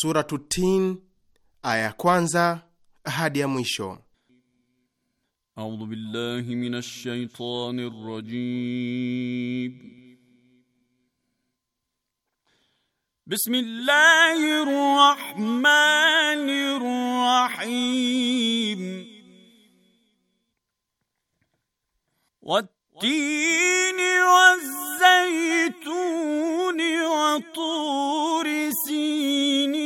Suratu Tin aya ya kwanza hadi ya mwisho. A'udhu billahi minash shaitanir rajim. Bismillahir rahmanir rahim. والتين والزيتون وطور سينين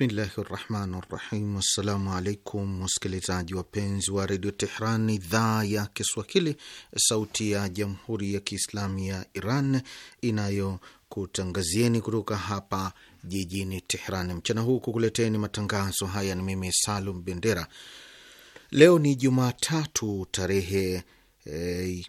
Bismillahi rahmani rahim. Assalamu alaikum wasikilizaji wapenzi wa redio Tehran, idhaa ya Kiswahili, sauti ya jamhuri ya kiislamu ya Iran inayokutangazieni kutoka hapa jijini Tehran mchana huu kukuleteni matangazo haya. Ni mimi Salum Bendera. Leo ni Jumatatu tarehe eh,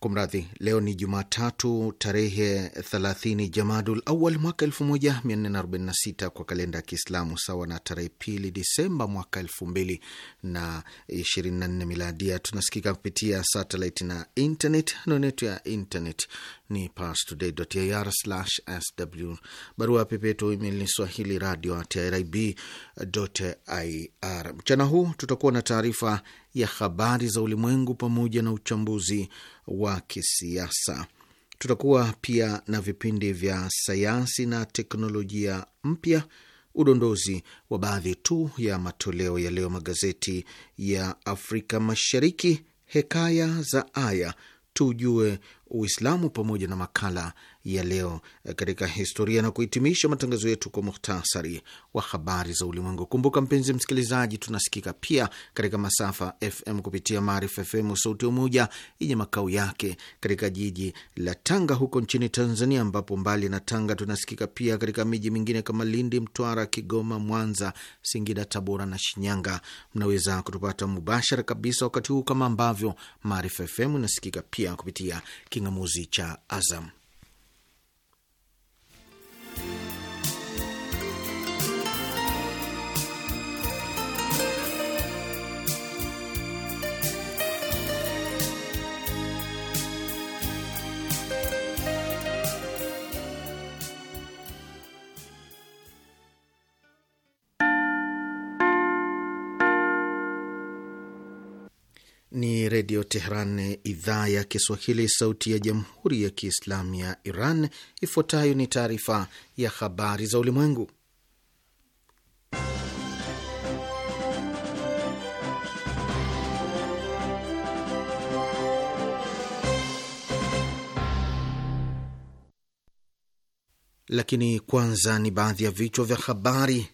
Kumradhi, leo ni Jumatatu tarehe 30 Jamadul Awal mwaka 1446 kwa kalenda ya Kiislamu, sawa na tarehe pili Disemba mwaka 2024 miladia. Tunasikika kupitia satellite na internet. Anwani yetu ya internet ni parstoday.ir/sw, barua pepetu email ni swahili radio radio@irib.ir. Mchana huu tutakuwa na taarifa ya habari za ulimwengu pamoja na uchambuzi wa kisiasa. Tutakuwa pia na vipindi vya sayansi na teknolojia mpya, udondozi wa baadhi tu ya matoleo ya leo magazeti ya Afrika Mashariki, hekaya za aya, tujue Uislamu pamoja na makala ya leo katika historia na kuhitimisha matangazo yetu kwa muhtasari wa habari za ulimwengu. Kumbuka mpenzi msikilizaji, tunasikika pia katika masafa FM kupitia Maarifa FM Sauti Umoja yenye makao yake katika jiji la Tanga huko nchini Tanzania, ambapo mbali na Tanga tunasikika pia katika miji mingine kama Lindi, Mtwara, Kigoma, Mwanza, Singida, Tabora na Shinyanga. Mnaweza kutupata mubashara kabisa wakati huu kama ambavyo Maarifa FM inasikika pia kupitia king'amuzi cha Azam. Redio Tehran, idhaa ya Kiswahili, sauti ya Jamhuri ya Kiislamu ya Iran. Ifuatayo ni taarifa ya habari za ulimwengu, lakini kwanza ni baadhi ya vichwa vya habari.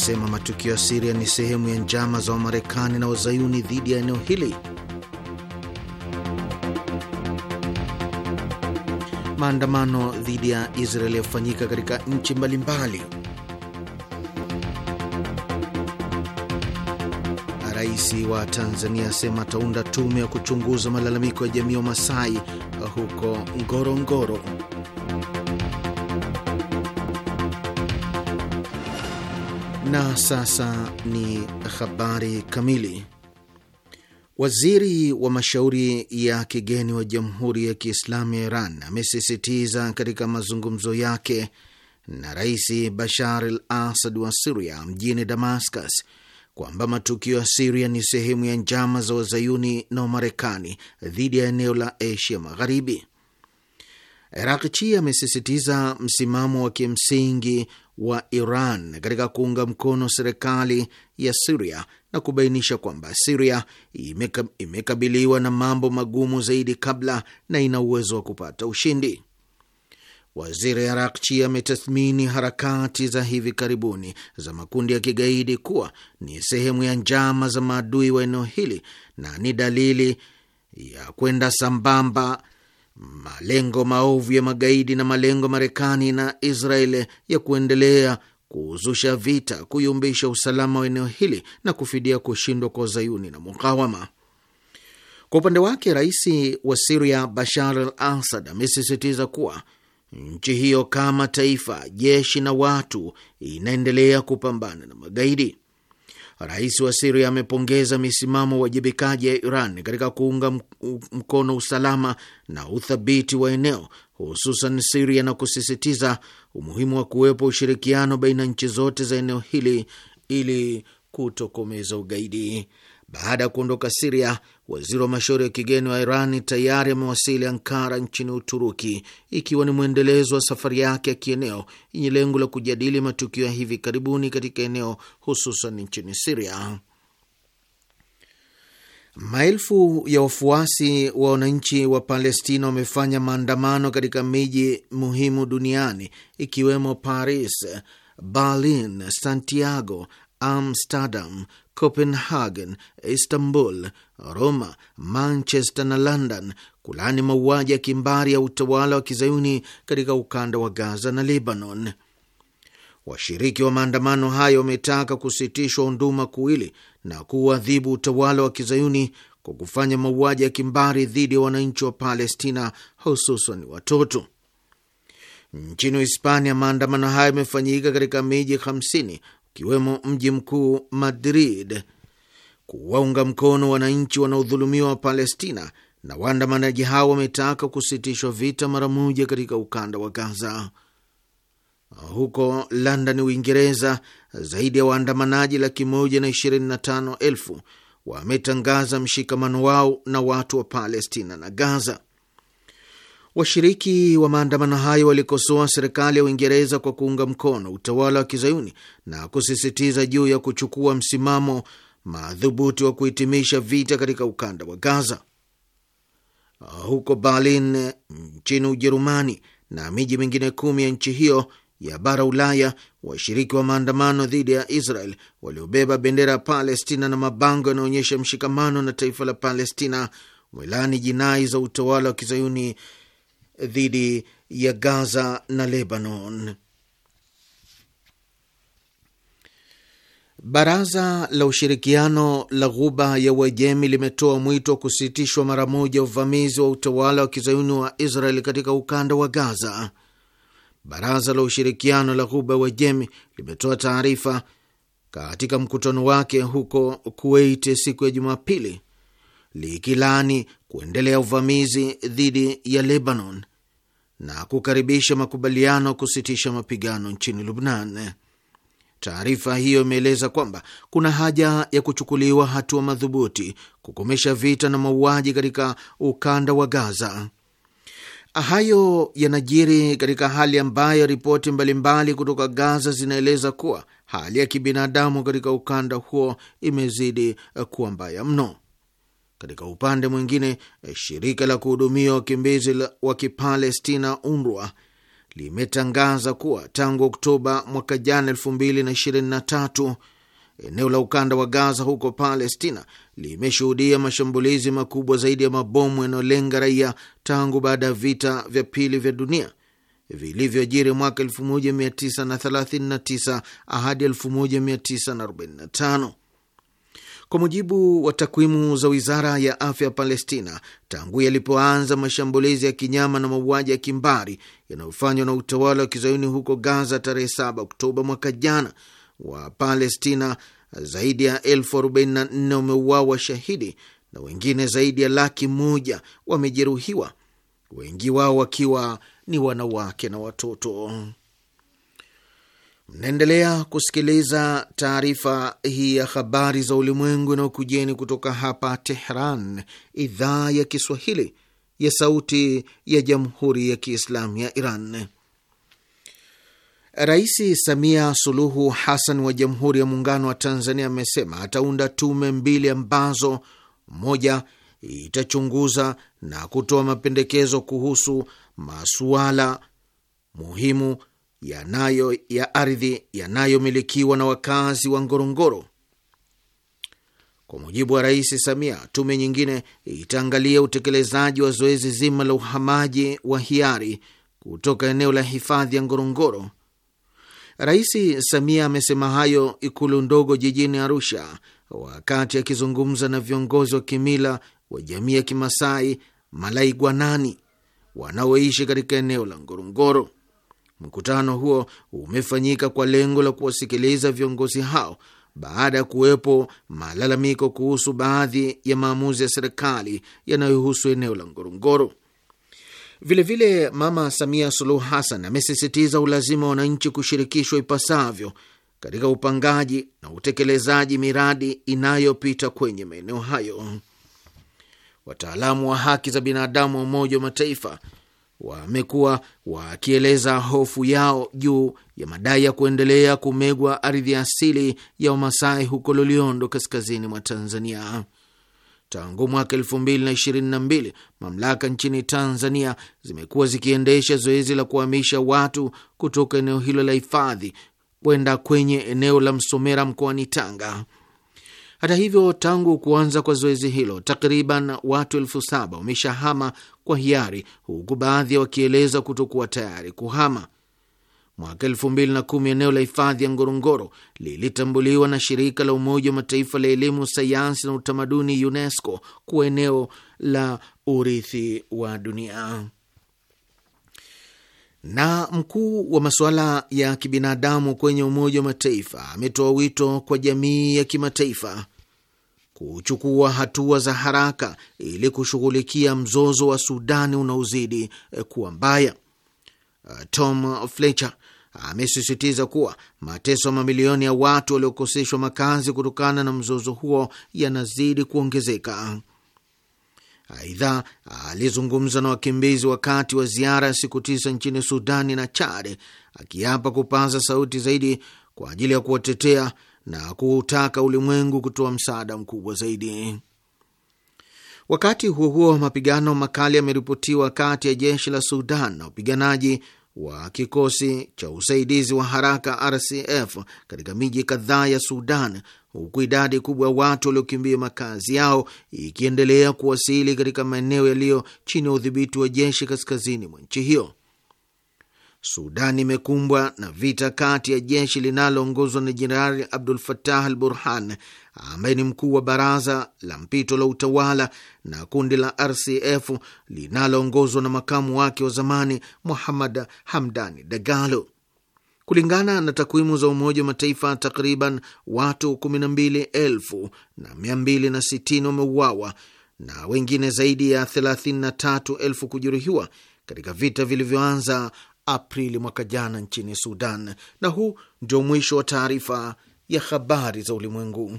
anasema matukio ya Siria ni sehemu ya njama za Wamarekani na Wazayuni dhidi ya eneo hili. Maandamano dhidi ya Israeli yafanyika katika nchi mbalimbali. Rais wa Tanzania asema ataunda tume ya kuchunguza malalamiko ya jamii wa Masai huko Ngorongoro ngoro. Na sasa ni habari kamili. Waziri wa mashauri ya kigeni wa Jamhuri ya Kiislamu ya Iran amesisitiza katika mazungumzo yake na Rais Bashar al asad wa Siria mjini Damascus kwamba matukio ya Siria ni sehemu ya njama za Wazayuni na Wamarekani dhidi ya eneo la Asia Magharibi. Rakchi amesisitiza msimamo wa kimsingi wa Iran katika kuunga mkono serikali ya Siria na kubainisha kwamba Siria imekabiliwa na mambo magumu zaidi kabla na ina uwezo wa kupata ushindi. Waziri Arakchi ametathmini harakati za hivi karibuni za makundi ya kigaidi kuwa ni sehemu ya njama za maadui wa eneo hili na ni dalili ya kwenda sambamba malengo maovu ya magaidi na malengo Marekani na Israeli ya kuendelea kuuzusha vita, kuyumbisha usalama wa eneo hili na kufidia kushindwa kwa uzayuni na mukawama. Kwa upande wake, rais wa Siria Bashar al Assad amesisitiza kuwa nchi hiyo kama taifa, jeshi na watu inaendelea kupambana na magaidi. Rais wa Siria amepongeza misimamo uwajibikaji ya Iran katika kuunga mkono usalama na uthabiti wa eneo hususan Siria na kusisitiza umuhimu wa kuwepo ushirikiano baina nchi zote za eneo hili ili kutokomeza ugaidi. Baada ya kuondoka Siria, Waziri wa mashauri ya kigeni wa Iran tayari amewasili Ankara nchini Uturuki, ikiwa ni mwendelezo wa safari yake ya kieneo yenye lengo la kujadili matukio ya hivi karibuni katika eneo, hususan nchini Siria. Maelfu ya wafuasi wa wananchi wa Palestina wamefanya maandamano katika miji muhimu duniani ikiwemo Paris, Berlin, Santiago, Amsterdam, Copenhagen, Istanbul, Roma, Manchester na London kulani mauaji ya kimbari ya utawala wa kizayuni katika ukanda wa Gaza na Lebanon. Washiriki wa maandamano hayo wametaka kusitishwa unduma kuili na kuuadhibu utawala wa kizayuni kwa kufanya mauaji ya kimbari dhidi ya wananchi wa Palestina, hususan watoto. Nchini Hispania, maandamano hayo yamefanyika katika miji 50 ukiwemo mji mkuu Madrid, kuwaunga mkono wananchi wanaodhulumiwa wa Palestina, na waandamanaji hao wametaka kusitishwa vita mara moja katika ukanda wa Gaza. Huko London, Uingereza, zaidi ya waandamanaji laki moja na ishirini na tano elfu wametangaza mshikamano wao na watu wa Palestina na Gaza. Washiriki wa maandamano hayo walikosoa serikali ya Uingereza kwa kuunga mkono utawala wa kizayuni na kusisitiza juu ya kuchukua msimamo madhubuti wa kuhitimisha vita katika ukanda wa Gaza. Huko Berlin nchini Ujerumani na miji mingine kumi ya nchi hiyo ya bara Ulaya, washiriki wa maandamano dhidi ya Israel waliobeba bendera ya Palestina na mabango yanaonyesha mshikamano na taifa la Palestina, wilani jinai za utawala wa kizayuni dhidi ya Gaza na Lebanon. Baraza la Ushirikiano la Ghuba ya Uajemi limetoa mwito wa kusitishwa mara moja uvamizi wa utawala wa kizayuni wa Israel katika ukanda wa Gaza. Baraza la Ushirikiano la Ghuba ya Uajemi limetoa taarifa katika mkutano wake huko Kuwait siku ya Jumapili likilani kuendelea uvamizi dhidi ya Lebanon na kukaribisha makubaliano kusitisha mapigano nchini Lubnan. Taarifa hiyo imeeleza kwamba kuna haja ya kuchukuliwa hatua madhubuti kukomesha vita na mauaji katika ukanda wa Gaza. Hayo yanajiri katika hali ambayo ripoti mbalimbali kutoka Gaza zinaeleza kuwa hali ya kibinadamu katika ukanda huo imezidi kuwa mbaya mno. Katika upande mwingine, shirika la kuhudumia wakimbizi wa Kipalestina UNRWA limetangaza kuwa tangu Oktoba mwaka jana 2023 eneo la ukanda wa Gaza huko Palestina limeshuhudia mashambulizi makubwa zaidi ya mabomu yanayolenga raia tangu baada ya vita vya pili vya dunia vilivyojiri mwaka 1939 hadi 1945. Kwa mujibu wa takwimu za wizara ya afya ya Palestina, tangu yalipoanza mashambulizi ya kinyama na mauaji ya kimbari yanayofanywa na utawala wa kizayuni huko Gaza tarehe 7 Oktoba mwaka jana, wa Palestina zaidi ya elfu arobaini na nne wameuawa shahidi na wengine zaidi ya laki moja wamejeruhiwa, wengi wao wakiwa ni wanawake na watoto. Mnaendelea kusikiliza taarifa hii ya habari za ulimwengu inayokujeni kutoka hapa Tehran, idhaa ya Kiswahili ya sauti ya jamhuri ya kiislamu ya Iran. Rais Samia Suluhu Hassan wa Jamhuri ya Muungano wa Tanzania amesema ataunda tume mbili ambazo moja itachunguza na kutoa mapendekezo kuhusu masuala muhimu yanayo ya ardhi yanayomilikiwa na wakazi wa Ngorongoro. Kwa mujibu wa Rais Samia, tume nyingine itaangalia utekelezaji wa zoezi zima la uhamaji wa hiari kutoka eneo la hifadhi ya Ngorongoro. Rais Samia amesema hayo Ikulu ndogo jijini Arusha wakati akizungumza na viongozi wa kimila wa jamii ya Kimasai Gwanani wanaoishi katika eneo la Ngorongoro. Mkutano huo umefanyika kwa lengo la kuwasikiliza viongozi hao baada ya kuwepo malalamiko kuhusu baadhi ya maamuzi ya serikali yanayohusu eneo la Ngorongoro. Vilevile, Mama Samia Suluhu Hassan amesisitiza ulazima wa wananchi kushirikishwa ipasavyo katika upangaji na utekelezaji miradi inayopita kwenye maeneo hayo. Wataalamu wa haki za binadamu wa Umoja wa Mataifa wamekuwa wakieleza hofu yao juu ya madai ya kuendelea kumegwa ardhi ya asili ya Wamasai huko Loliondo, kaskazini mwa Tanzania. Tangu mwaka elfu mbili na ishirini na mbili mamlaka nchini Tanzania zimekuwa zikiendesha zoezi la kuhamisha watu kutoka eneo hilo la hifadhi kwenda kwenye eneo la Msomera mkoani Tanga. Hata hivyo, tangu kuanza kwa zoezi hilo takriban watu elfu saba wameshahama kwa hiari, huku baadhi wakieleza kutokuwa tayari kuhama. Mwaka elfu mbili na kumi eneo la hifadhi ya Ngorongoro lilitambuliwa na shirika la Umoja wa Mataifa la elimu, sayansi na utamaduni UNESCO kuwa eneo la urithi wa dunia. Na mkuu wa masuala ya kibinadamu kwenye Umoja wa Mataifa ametoa wito kwa jamii ya kimataifa kuchukua hatua za haraka ili kushughulikia mzozo wa Sudani unaozidi eh, kuwa mbaya. Eh, Tom Fletcher amesisitiza kuwa mateso ya mamilioni ya watu waliokoseshwa makazi kutokana na mzozo huo yanazidi kuongezeka. Aidha, alizungumza na wakimbizi wakati wa ziara ya siku tisa nchini Sudani na Chad, akiapa kupaza sauti zaidi kwa ajili ya kuwatetea na kuutaka ulimwengu kutoa msaada mkubwa zaidi. Wakati huo huo, mapigano makali yameripotiwa kati ya jeshi la Sudan na wapiganaji wa kikosi cha usaidizi wa haraka RCF katika miji kadhaa ya Sudan, huku idadi kubwa ya watu waliokimbia makazi yao ikiendelea kuwasili katika maeneo yaliyo chini ya udhibiti wa jeshi kaskazini mwa nchi hiyo. Sudan imekumbwa na vita kati ya jeshi linaloongozwa na Jenerali Abdul fatah al Burhan, ambaye ni mkuu wa baraza la mpito la utawala, na kundi la RCF linaloongozwa na makamu wake wa zamani Muhammad Hamdani Dagalo. Kulingana na takwimu za Umoja wa Mataifa, takriban watu 12,260 wameuawa na wengine zaidi ya 33,000 kujeruhiwa katika vita vilivyoanza Aprili mwaka jana nchini Sudan. Na huu ndio mwisho wa taarifa ya habari za ulimwengu.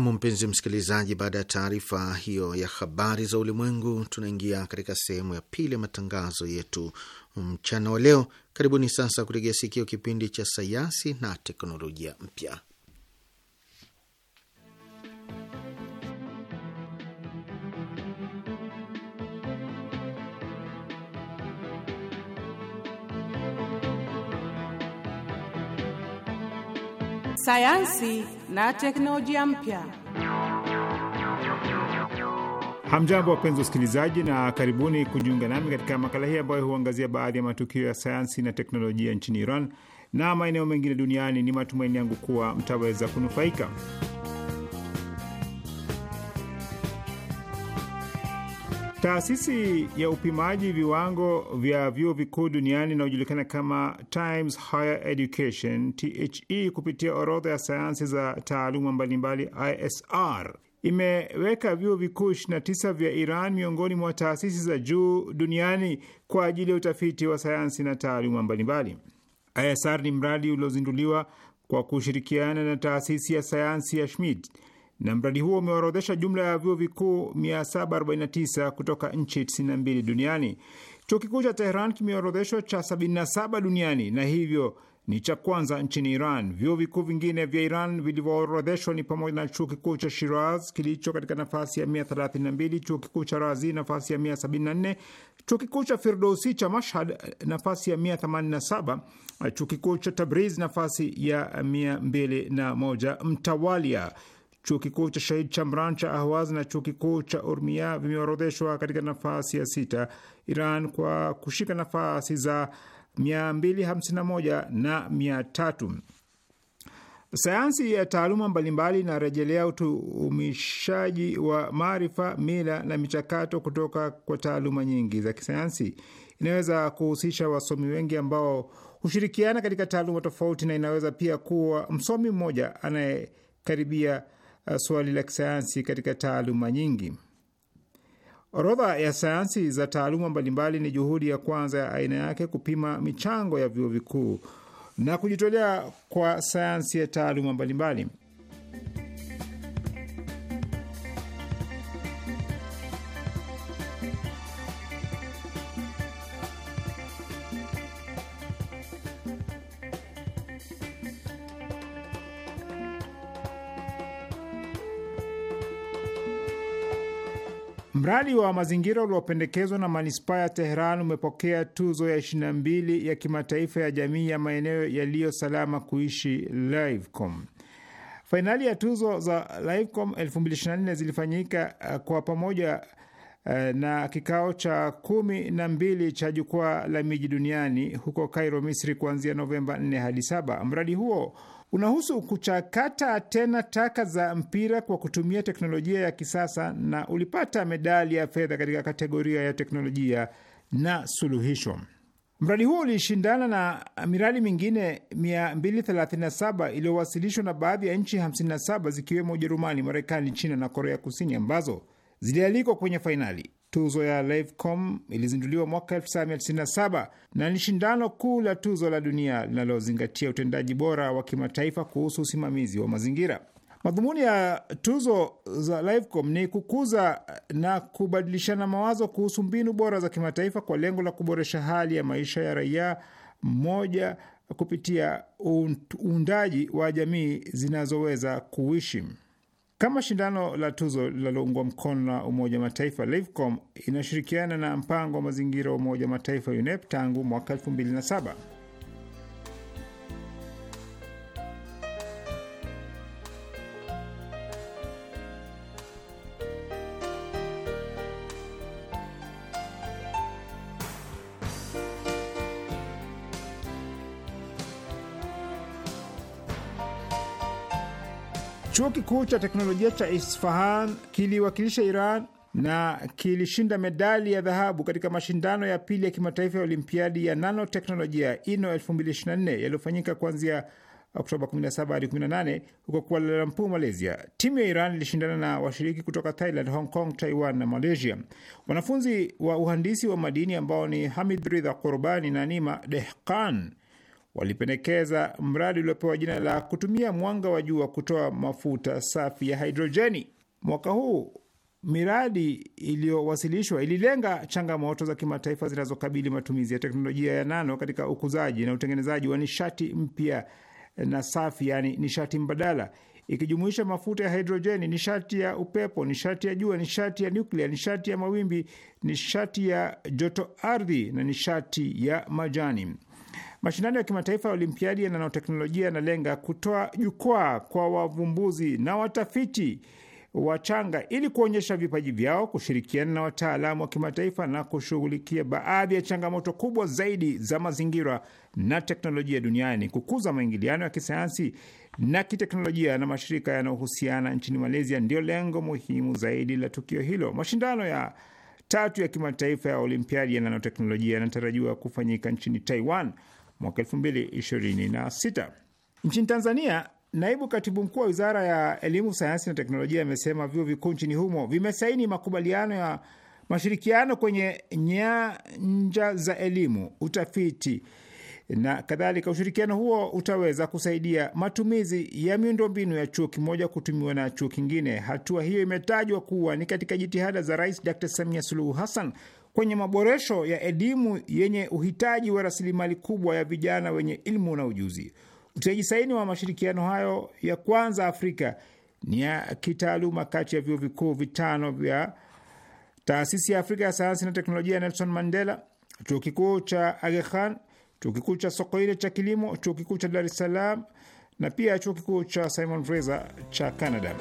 Nam, mpenzi msikilizaji, baada ya taarifa hiyo ya habari za ulimwengu, tunaingia katika sehemu ya pili ya matangazo yetu mchana wa leo. Karibuni sasa kutegea sikio kipindi cha sayansi na teknolojia mpya. sayansi na teknolojia mpya. Hamjambo, wapenzi wasikilizaji, na karibuni kujiunga nami katika makala hii ambayo huangazia baadhi ya matukio ya sayansi na teknolojia nchini Iran na maeneo mengine duniani. Ni matumaini yangu kuwa mtaweza kunufaika. Taasisi ya upimaji viwango vya vyuo vikuu duniani inayojulikana kama Times Higher Education THE, kupitia orodha ya sayansi za taaluma mbalimbali ISR imeweka vyuo vikuu 29 vya Iran miongoni mwa taasisi za juu duniani kwa ajili ya utafiti wa sayansi na taaluma mbalimbali. ISR ni mradi uliozinduliwa kwa kushirikiana na taasisi ya sayansi ya Schmidt na mradi huo umeorodhesha jumla ya vyuo vikuu 749 kutoka nchi 92 duniani. Chuo kikuu cha Teheran kimeorodheshwa cha 77 duniani na hivyo ni cha kwanza nchini Iran. Vyuo vikuu vingine vya Iran vilivyoorodheshwa ni pamoja na chuo kikuu cha Shiraz kilicho katika nafasi ya 132, chuo kikuu cha Razi nafasi ya 174, chuo kikuu cha Firdousi cha Mashhad nafasi ya 187, chuo kikuu cha Tabriz nafasi ya 201 mtawalia. Chuo kikuu cha Shahid Chamran cha Ahwaz na chuo kikuu cha Urmia vimeorodheshwa katika nafasi ya sita, Iran kwa kushika nafasi za 251 na 300. Sayansi ya taaluma mbalimbali inarejelea utumishaji wa maarifa, mila na michakato kutoka kwa taaluma nyingi za kisayansi. Inaweza kuhusisha wasomi wengi ambao hushirikiana katika taaluma tofauti, na inaweza pia kuwa msomi mmoja anayekaribia Eh, swali la kisayansi katika taaluma nyingi. Orodha ya sayansi za taaluma mbalimbali ni juhudi ya kwanza ya aina yake kupima michango ya vyuo vikuu na kujitolea kwa sayansi ya taaluma mbalimbali. Mradi wa mazingira uliopendekezwa na manispaa ya Teheran umepokea tuzo ya 22 ya kimataifa ya jamii ya maeneo yaliyosalama kuishi Livecom. Fainali ya tuzo za Livecom 2024 zilifanyika eh, kwa pamoja eh, na kikao cha kumi na mbili cha jukwaa la miji duniani huko Cairo, Misri, kuanzia Novemba 4 hadi 7. Mradi huo unahusu kuchakata tena taka za mpira kwa kutumia teknolojia ya kisasa na ulipata medali ya fedha katika kategoria ya teknolojia na suluhisho. Mradi huo ulishindana na miradi mingine 237 iliyowasilishwa na baadhi ya nchi 57 zikiwemo Ujerumani, Marekani, China na Korea Kusini ambazo zilialikwa kwenye fainali. Tuzo ya Livecom ilizinduliwa mwaka 1997 na ni shindano kuu la tuzo la dunia linalozingatia utendaji bora wa kimataifa kuhusu usimamizi wa mazingira. Madhumuni ya tuzo za Livecom ni kukuza na kubadilishana mawazo kuhusu mbinu bora za kimataifa kwa lengo la kuboresha hali ya maisha ya raia mmoja kupitia uundaji wa jamii zinazoweza kuishi. Kama shindano la tuzo linaloungwa mkono na Umoja Mataifa, LIVCOM inashirikiana na mpango wa mazingira wa Umoja Mataifa, UNEP tangu mwaka 2007. Chuo kikuu cha teknolojia cha Isfahan kiliwakilisha Iran na kilishinda medali ya dhahabu katika mashindano ya pili ya kimataifa ya olimpiadi ya nanoteknolojia INO 2024 yaliyofanyika kuanzia Oktoba 17 hadi 18 huko Kuala Lumpur, Malaysia. Timu ya Iran ilishindana na washiriki kutoka Thailand, Hong Kong, Taiwan na Malaysia. Wanafunzi wa uhandisi wa madini ambao ni Hamid Ridha Qurbani na Nima Dehkan walipendekeza mradi uliopewa jina la kutumia mwanga wa jua kutoa mafuta safi ya hidrojeni. Mwaka huu miradi iliyowasilishwa ililenga changamoto za kimataifa zinazokabili matumizi ya teknolojia ya nano katika ukuzaji na utengenezaji wa nishati mpya na safi, yaani nishati mbadala ikijumuisha mafuta ya hidrojeni, nishati ya upepo, nishati ya jua, nishati ya nyuklia, nishati ya mawimbi, nishati ya joto ardhi na nishati ya majani. Mashindano ya kimataifa ya olimpiadi ya nanoteknolojia yanalenga kutoa jukwaa kwa wavumbuzi na watafiti wachanga ili kuonyesha vipaji vyao, kushirikiana na wataalamu wa kimataifa na kushughulikia baadhi ya changamoto kubwa zaidi za mazingira na teknolojia duniani, kukuza maingiliano ya kisayansi na kiteknolojia na mashirika yanayohusiana nchini Malaysia ndio lengo muhimu zaidi la tukio hilo. Mashindano ya tatu ya kimataifa ya olimpiadi ya nanoteknolojia yanatarajiwa kufanyika nchini Taiwan mwaka 2026. Nchini Tanzania, naibu katibu mkuu wa wizara ya elimu, sayansi na teknolojia amesema vyuo vikuu nchini humo vimesaini makubaliano ya mashirikiano kwenye nyanja za elimu, utafiti na kadhalika. Ushirikiano huo utaweza kusaidia matumizi ya miundombinu ya chuo kimoja kutumiwa na chuo kingine. Hatua hiyo imetajwa kuwa ni katika jitihada za Rais Dr Samia Suluhu Hassan kwenye maboresho ya elimu yenye uhitaji wa rasilimali kubwa ya vijana wenye ilmu na ujuzi. Utiaji saini wa mashirikiano hayo ya kwanza Afrika ni ya kitaaluma kati ya vyuo vikuu vitano vya Taasisi ya Afrika ya Sayansi na Teknolojia ya Nelson Mandela, Chuo Kikuu cha Aga Khan, Chuo Kikuu cha Sokoine cha kilimo, Chuo Kikuu cha Dar es Salaam na pia Chuo Kikuu cha Simon Fraser cha Canada.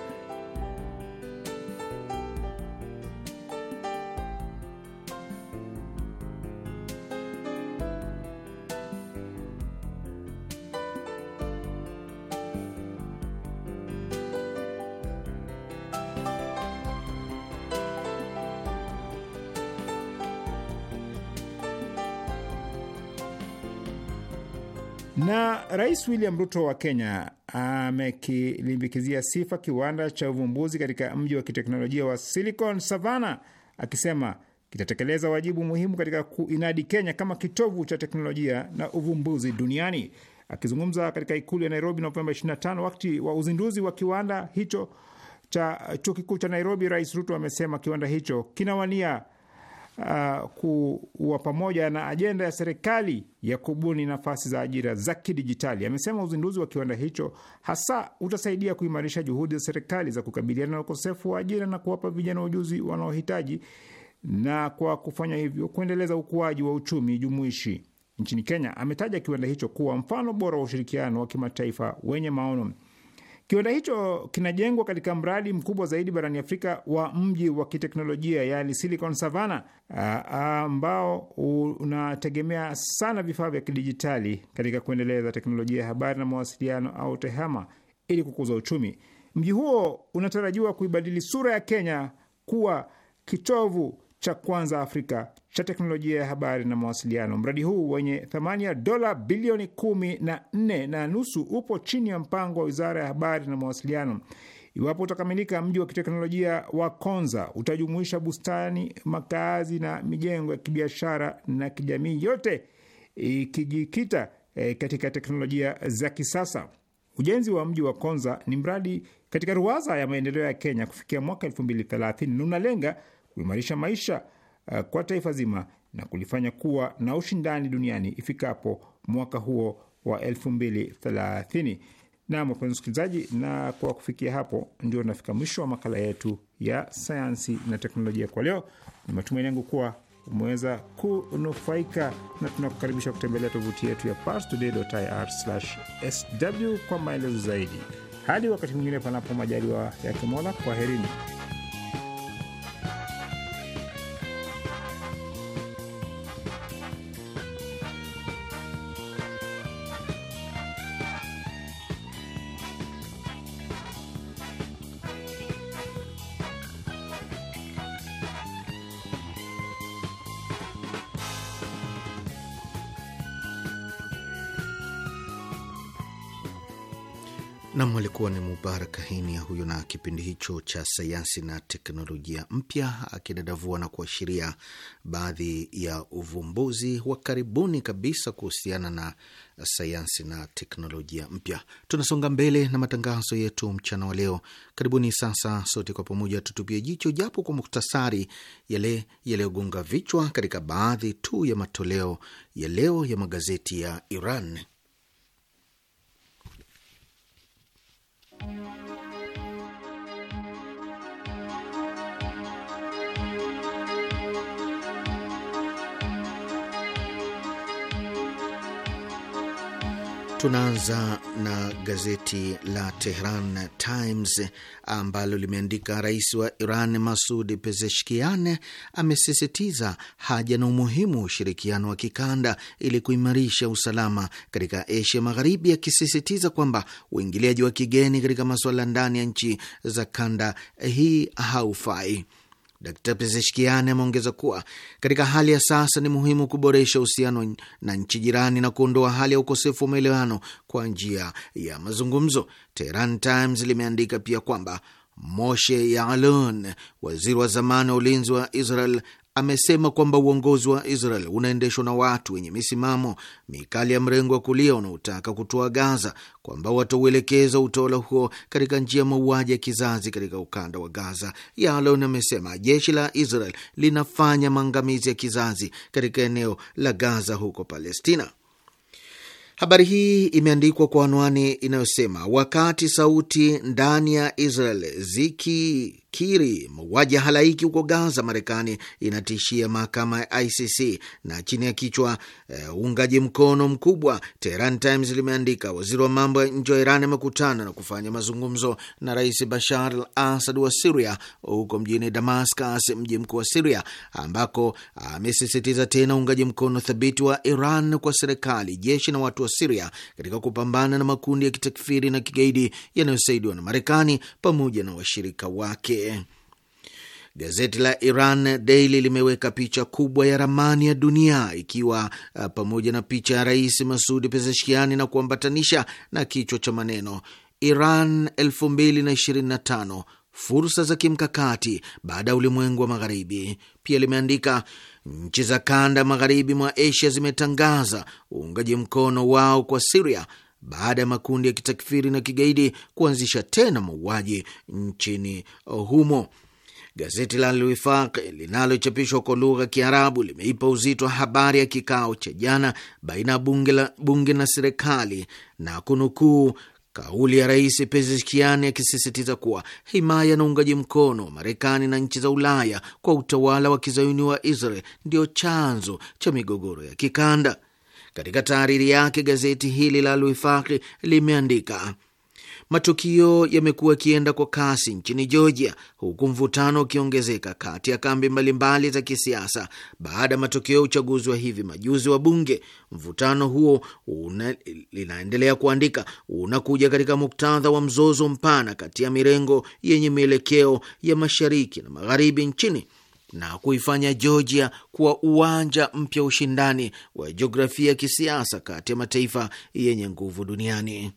Rais William Ruto wa Kenya amekilimbikizia sifa kiwanda cha uvumbuzi katika mji wa kiteknolojia wa Silicon savana akisema kitatekeleza wajibu muhimu katika kuinadi Kenya kama kitovu cha teknolojia na uvumbuzi duniani. Akizungumza katika ikulu ya Nairobi Novemba 25 wakati wa uzinduzi wa kiwanda hicho cha chuo kikuu cha Nairobi, Rais Ruto amesema kiwanda hicho kinawania uh, kuwa pamoja na ajenda ya serikali ya kubuni nafasi za ajira za kidijitali. Amesema uzinduzi wa kiwanda hicho hasa utasaidia kuimarisha juhudi za serikali za kukabiliana na ukosefu wa ajira na kuwapa vijana ujuzi wanaohitaji na kwa kufanya hivyo kuendeleza ukuaji wa uchumi jumuishi nchini Kenya. Ametaja kiwanda hicho kuwa mfano bora wa ushirikiano wa kimataifa wenye maono Kiwanda hicho kinajengwa katika mradi mkubwa zaidi barani Afrika wa mji wa kiteknolojia yaani Silicon savana ambao unategemea sana vifaa vya kidijitali katika kuendeleza teknolojia ya habari na mawasiliano au TEHAMA ili kukuza uchumi. Mji huo unatarajiwa kuibadili sura ya Kenya kuwa kitovu cha kwanza Afrika cha teknolojia ya habari na mawasiliano. Mradi huu wenye thamani ya dola bilioni kumi na nne na nusu upo chini ya mpango wa wizara ya habari na mawasiliano. Iwapo utakamilika, mji wa kiteknolojia wa Konza utajumuisha bustani, makazi na mijengo ya kibiashara na kijamii, yote ikijikita e, katika teknolojia za kisasa. Ujenzi wa mji wa Konza ni mradi katika ruwaza ya maendeleo ya Kenya kufikia mwaka elfu mbili thelathini na unalenga kuimarisha maisha uh, kwa taifa zima na kulifanya kuwa na ushindani duniani ifikapo mwaka huo wa 2030. nam wapenzi wasikilizaji, na kwa kufikia hapo ndio unafika mwisho wa makala yetu ya sayansi na teknolojia kwa leo. Ni matumaini yangu kuwa umeweza kunufaika, na tunakukaribisha kutembelea tovuti yetu ya parstoday.ir/sw kwa maelezo zaidi. Hadi wakati mwingine, panapo majaliwa yake Mola, kwaherini. Nam alikuwa ni Mubarak Hinia huyo na kipindi hicho cha sayansi na teknolojia mpya, akidadavua na kuashiria baadhi ya uvumbuzi wa karibuni kabisa kuhusiana na sayansi na teknolojia mpya. Tunasonga mbele na matangazo yetu mchana wa leo. Karibuni sasa sote kwa pamoja tutupie jicho japo kwa muktasari yale yaliyogonga vichwa katika baadhi tu ya matoleo ya leo ya magazeti ya Iran. Thank you. Tunaanza na gazeti la Tehran Times ambalo limeandika rais wa Iran Masud Pezeshkian amesisitiza haja na umuhimu wa ushirikiano wa kikanda ili kuimarisha usalama katika Asia Magharibi, akisisitiza kwamba uingiliaji wa kigeni katika masuala ndani ya nchi za kanda hii haufai. Dkt Pezeshkian ameongeza kuwa katika hali ya sasa ni muhimu kuboresha uhusiano na nchi jirani na kuondoa hali ya ukosefu wa maelewano kwa njia ya mazungumzo. Tehran Times limeandika pia kwamba Moshe Yaalon, waziri wa zamani wa ulinzi wa Israel, amesema kwamba uongozi wa Israel unaendeshwa na watu wenye misimamo mikali ya mrengo wa kulia unaotaka kutoa Gaza, kwamba watauelekeza utawala huo katika njia ya mauaji ya kizazi katika ukanda wa Gaza. Yalon amesema jeshi la Israel linafanya maangamizi ya kizazi katika eneo la Gaza huko Palestina. Habari hii imeandikwa kwa anwani inayosema wakati sauti ndani ya Israel ziki kiri mauaji halaiki huko Gaza, Marekani inatishia mahakama ya ICC. Na chini ya kichwa eh, uungaji uh, mkono mkubwa, Tehran Times limeandika waziri wa mambo ya nje wa Iran amekutana na kufanya mazungumzo na Rais Bashar al Assad wa Siria huko mjini Damascus, mji mkuu wa Siria, ambako amesisitiza uh, tena uungaji mkono thabiti wa Iran kwa serikali, jeshi na watu wa Siria katika kupambana na makundi ya kitakfiri na kigaidi yanayosaidiwa na Marekani pamoja na washirika wake. Gazeti la Iran Daily limeweka picha kubwa ya ramani ya dunia ikiwa uh, pamoja na picha ya Rais Masudi Pezeshkiani na kuambatanisha na kichwa cha maneno Iran 2025 fursa za kimkakati baada ya ulimwengu wa Magharibi. Pia limeandika nchi za kanda magharibi mwa Asia zimetangaza uungaji mkono wao kwa Siria baada ya makundi ya kitakfiri na kigaidi kuanzisha tena mauaji nchini humo. Gazeti la Al-Wifaq linalochapishwa kwa lugha ya Kiarabu limeipa uzito wa habari ya kikao cha jana baina ya bunge, bunge na serikali na kunukuu kauli ya Rais pezikiani akisisitiza kuwa himaya na uungaji mkono wa Marekani na nchi za Ulaya kwa utawala wa kizayuni wa Israel ndio chanzo cha migogoro ya kikanda. Katika taariri yake, gazeti hili la Luifaki limeandika matukio yamekuwa yakienda kwa kasi nchini Georgia, huku mvutano ukiongezeka kati ya kambi mbalimbali za kisiasa baada ya matokeo ya uchaguzi wa hivi majuzi wa bunge. Mvutano huo una, linaendelea kuandika, unakuja katika muktadha wa mzozo mpana kati ya mirengo yenye mielekeo ya mashariki na magharibi nchini na kuifanya Georgia kuwa uwanja mpya wa ushindani wa jiografia ya kisiasa kati ya mataifa yenye nguvu duniani.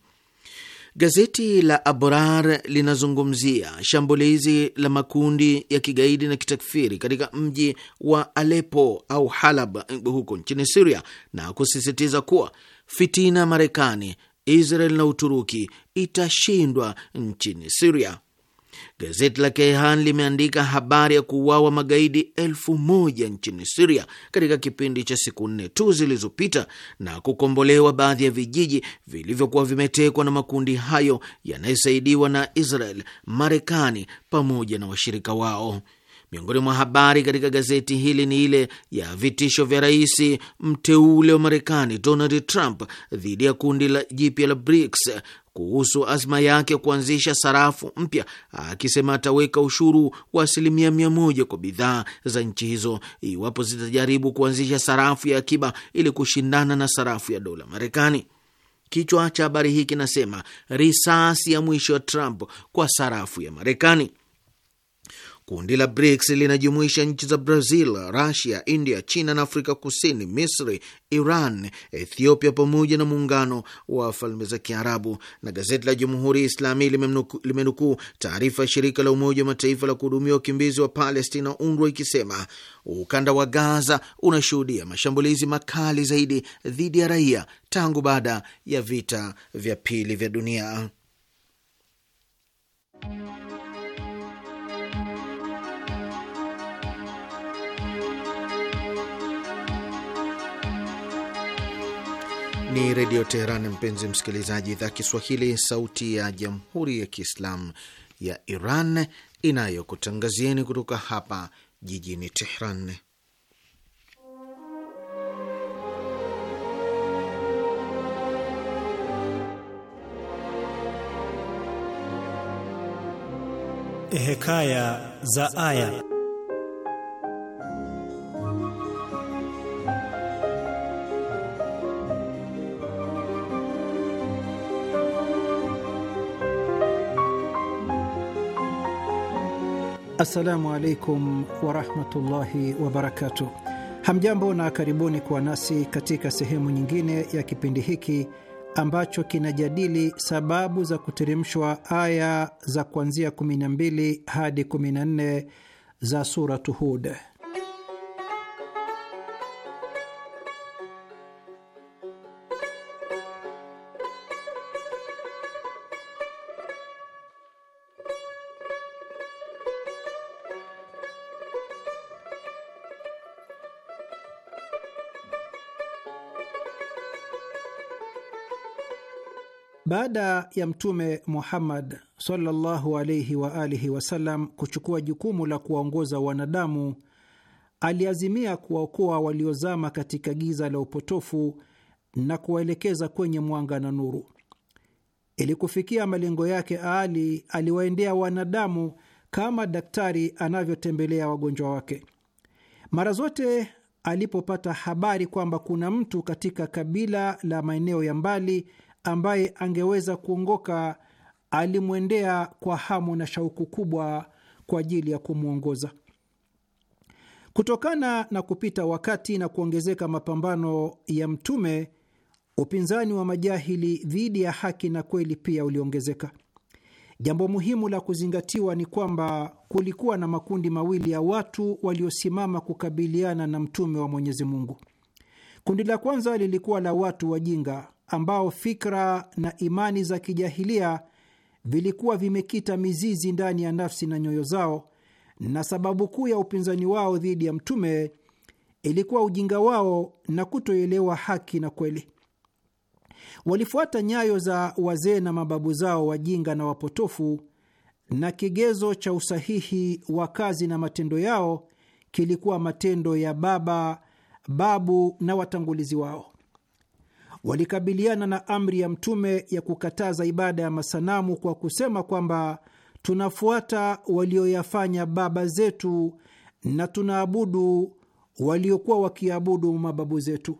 Gazeti la Abrar linazungumzia shambulizi la makundi ya kigaidi na kitakfiri katika mji wa Alepo au Halab huko nchini Siria na kusisitiza kuwa fitina Marekani, Israel na Uturuki itashindwa nchini Siria. Gazeti la Kehan limeandika habari ya kuuawa magaidi elfu moja nchini Siria katika kipindi cha siku nne tu zilizopita na kukombolewa baadhi ya vijiji vilivyokuwa vimetekwa na makundi hayo yanayosaidiwa na Israel, Marekani pamoja na washirika wao. Miongoni mwa habari katika gazeti hili ni ile ya vitisho vya rais mteule wa Marekani Donald Trump dhidi ya kundi la jipya la BRICS kuhusu azma yake kuanzisha sarafu mpya, akisema ataweka ushuru wa asilimia mia moja kwa bidhaa za nchi hizo iwapo zitajaribu kuanzisha sarafu ya akiba ili kushindana na sarafu ya dola Marekani. Kichwa cha habari hii kinasema risasi ya mwisho ya Trump kwa sarafu ya Marekani. Kundi la BRICS linajumuisha nchi za Brazil, Rusia, India, China na Afrika Kusini, Misri, Iran, Ethiopia pamoja na muungano wa falme za Kiarabu. Na gazeti la Jamhuri Islami limenukuu taarifa ya shirika la Umoja wa Mataifa la kuhudumia wakimbizi wa Palestina, UNRWA, ikisema ukanda wa Gaza unashuhudia mashambulizi makali zaidi dhidi ya raia tangu baada ya vita vya pili vya dunia. Ni Redio Teheran, mpenzi msikilizaji, idhaa Kiswahili, sauti ya jamhuri ya kiislamu ya Iran inayokutangazieni kutoka hapa jijini Tehran. Hekaya za Aya. Assalamu alaikum warahmatullahi wabarakatu Hamjambo na karibuni kuwa nasi katika sehemu nyingine ya kipindi hiki ambacho kinajadili sababu za kuteremshwa aya za kuanzia 12 hadi 14 za Suratu Hud. Baada ya Mtume Muhammad sallallahu alaihi wa alihi wasallam kuchukua jukumu la kuwaongoza wanadamu, aliazimia kuwaokoa waliozama katika giza la upotofu na kuwaelekeza kwenye mwanga na nuru. Ili kufikia malengo yake, Ali aliwaendea wanadamu kama daktari anavyotembelea wagonjwa wake. Mara zote alipopata habari kwamba kuna mtu katika kabila la maeneo ya mbali ambaye angeweza kuongoka alimwendea kwa hamu na shauku kubwa kwa ajili ya kumwongoza. Kutokana na kupita wakati na kuongezeka mapambano ya Mtume, upinzani wa majahili dhidi ya haki na kweli pia uliongezeka. Jambo muhimu la kuzingatiwa ni kwamba kulikuwa na makundi mawili ya watu waliosimama kukabiliana na Mtume wa Mwenyezi Mungu. Kundi la kwanza lilikuwa la watu wajinga ambao fikra na imani za kijahilia vilikuwa vimekita mizizi ndani ya nafsi na nyoyo zao, na sababu kuu ya upinzani wao dhidi ya mtume ilikuwa ujinga wao na kutoelewa haki na kweli. Walifuata nyayo za wazee na mababu zao wajinga na wapotofu, na kigezo cha usahihi wa kazi na matendo yao kilikuwa matendo ya baba, babu na watangulizi wao walikabiliana na amri ya Mtume ya kukataza ibada ya masanamu kwa kusema kwamba tunafuata walioyafanya baba zetu na tunaabudu waliokuwa wakiabudu mababu zetu.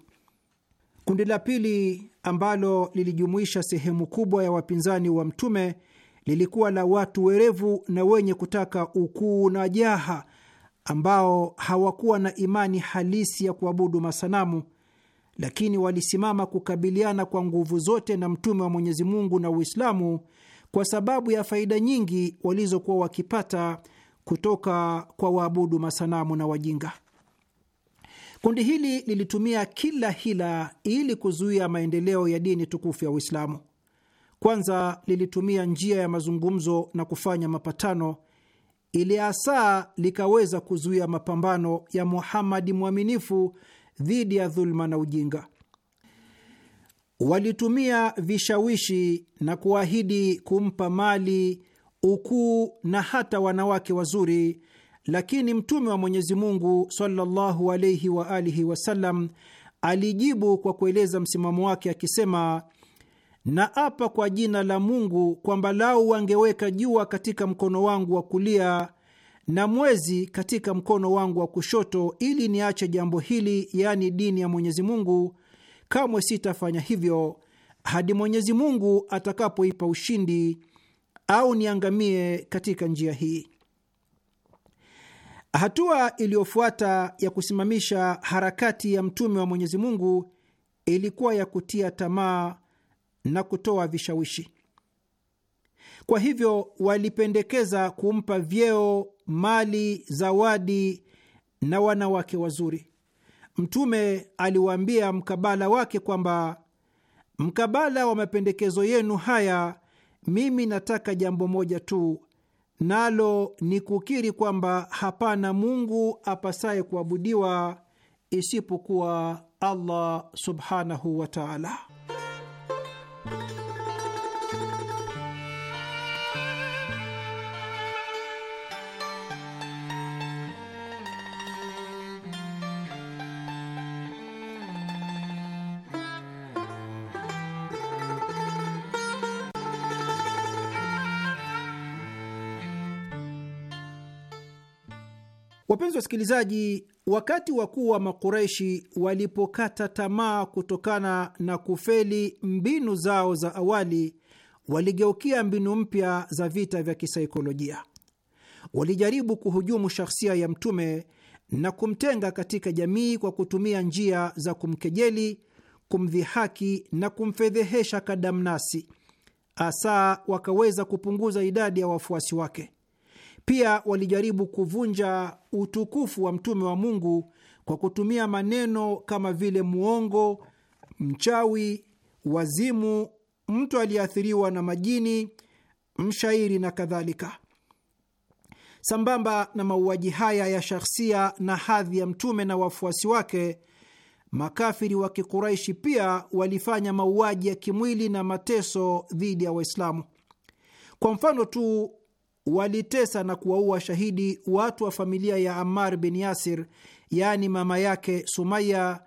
Kundi la pili ambalo lilijumuisha sehemu kubwa ya wapinzani wa Mtume lilikuwa la watu werevu na wenye kutaka ukuu na jaha ambao hawakuwa na imani halisi ya kuabudu masanamu lakini walisimama kukabiliana kwa nguvu zote na mtume wa Mwenyezi Mungu na Uislamu kwa sababu ya faida nyingi walizokuwa wakipata kutoka kwa waabudu masanamu na wajinga. Kundi hili lilitumia kila hila ili kuzuia maendeleo ya dini tukufu ya Uislamu. Kwanza lilitumia njia ya mazungumzo na kufanya mapatano ili hasa likaweza kuzuia mapambano ya Muhamadi mwaminifu dhidi ya dhuluma na ujinga. Walitumia vishawishi na kuahidi kumpa mali, ukuu na hata wanawake wazuri, lakini Mtume wa Mwenyezi Mungu sallallahu wa alihi wasallam alijibu kwa kueleza msimamo wake akisema: na apa kwa jina la Mungu kwamba lau wangeweka jua katika mkono wangu wa kulia na mwezi katika mkono wangu wa kushoto ili niache jambo hili, yaani dini ya Mwenyezi Mungu. Kamwe sitafanya hivyo hadi Mwenyezi Mungu atakapoipa ushindi au niangamie katika njia hii. Hatua iliyofuata ya kusimamisha harakati ya mtume wa Mwenyezi Mungu ilikuwa ya kutia tamaa na kutoa vishawishi. Kwa hivyo walipendekeza kumpa vyeo mali, zawadi na wanawake wazuri. Mtume aliwaambia mkabala wake kwamba mkabala wa mapendekezo yenu haya, mimi nataka jambo moja tu, nalo ni kukiri kwamba hapana Mungu apasaye kuabudiwa isipokuwa Allah subhanahu wa taala. Wapenzi wasikilizaji, wakati wakuu wa makuraishi walipokata tamaa kutokana na kufeli mbinu zao za awali, waligeukia mbinu mpya za vita vya kisaikolojia. Walijaribu kuhujumu shahsia ya Mtume na kumtenga katika jamii kwa kutumia njia za kumkejeli, kumdhihaki na kumfedhehesha kadamnasi, hasa wakaweza kupunguza idadi ya wafuasi wake. Pia walijaribu kuvunja utukufu wa mtume wa Mungu kwa kutumia maneno kama vile muongo, mchawi, wazimu, mtu aliyeathiriwa na majini, mshairi na kadhalika. Sambamba na mauaji haya ya shakhsia na hadhi ya mtume na wafuasi wake, makafiri wa Kikuraishi pia walifanya mauaji ya kimwili na mateso dhidi ya Waislamu. Kwa mfano tu walitesa na kuwaua shahidi watu wa familia ya Ammar bin Yasir, yaani mama yake Sumaya,